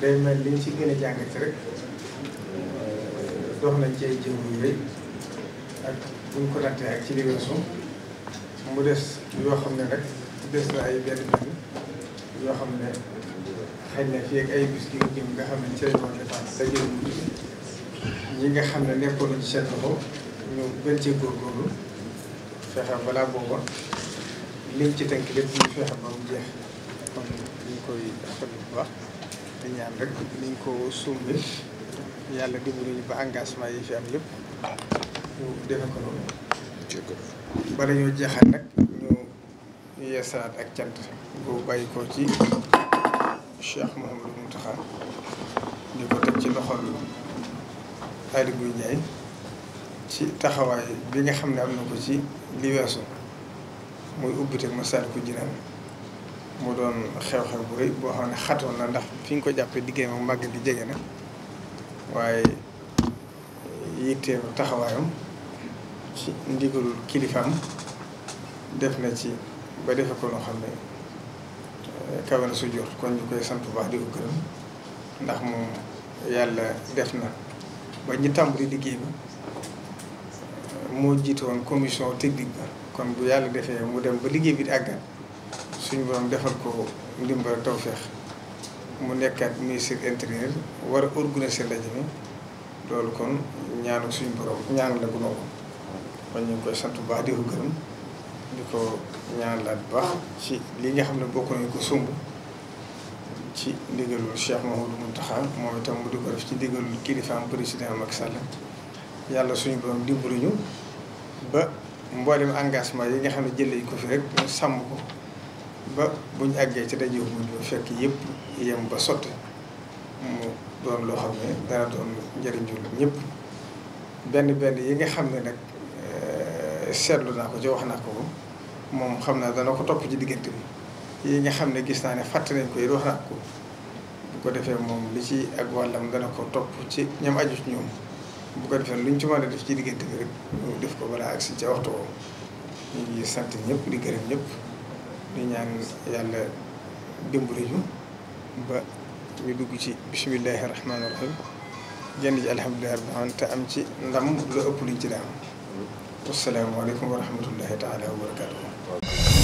day mel liñ ci gën a jàngate rek dox nañ ci ay jëm yu rëy ak buñ ko nattee ak ci li weesu mu des yoo xam ne rek des na ay benn benn yoo xam ne xëy na fii ak ay bis gi nga xam ne ci lañ war a dépense sa jëm ñi nga xam ne nekkoon ci seen loxo ñu gën cee góorgóorlu fexe balaa booba liñ ci tënk lépp ñu fexe ba mu jeex kon ñu koy rafetlu bu te ñaan rek niñ ko sumbi yàlla dimbali ñu ba engagement yi fi am yëpp ñu defe ko noonu bala ñoo jeexal nag ñu yeesalaat ak cant boo bàyyi ko ci Cheikh Mouhamadou Mountakha di ko teg ci loxol Aly Ngouille Ndiaye ci taxawaay bi nga xam ne am na ko ci li weesu muy ubbite Massalikul Jinaan mu doon xew-xew bu boo xam ne xatoon na ndax fi ñu ko jàppee diggéey moom màgg gi jege na waaye yitteem taxawaayam ci ndigalul kilifaam def na ci ba defe ko loo xam ne eh, kawe su jur kon ñu koy sant bu baax di ko gërëm ndax moom yàlla def na ba ñu tàmbali liggéey ba eh, moo jiite woon technique ba kon bu yàlla defee mu dem ba liggéey bi di àggal suñu borom defal ko ndimbal ak tawféex mu nekkaat ministre intérieur war a organiser ndaje mi loolu kon ñaanu suñu borom ñaan la gunóor ko kon ñu koy sant bu baax di ko gërëm di ko ñaan laat bu baax ci li nga xam ne bokk nañu ko sumb ci ndigalul Cheikh Mahoudou Mountakha moom itam mu di ko def ci ndigalul kilifaam président Macky Sall yàlla suñu borom dimbaluñu ba mboolem engagement yi nga xam ne jëlee ko fi rek mu sàmm ko. ba bu ñu àggee ci daje wu ñu fekk yëpp yem ba sotti mu doon loo xam ne dana doon njëriñul ñëpp benn benn yi nga xam ne nag eh, seetlu naa ko ci wax naa ko moom xam naa dana ko topp ci diggante bi yi nga xam ne gis naa ne fàtte nañ ko yi wax naa ko bu ko defee moom li ci ak wàllam dana ko topp ci ñoom aju ci ñoom bu ko defee luñ ci mën a def ci diggante bi rek ñu def ko balaa agsi ca waxtu woowu ñu ngi sant ñëpp di gërëm ñëpp. di ñaan yàlla dimbali ba ñu dugg ci bisimilahi rahmaani rahim jënd ji alhamdulilah rabbil te am ci ndam lu ëpp luñ ci daan. wasalaamaaleykum wa rahmatullahi taala wa barakaatuhu.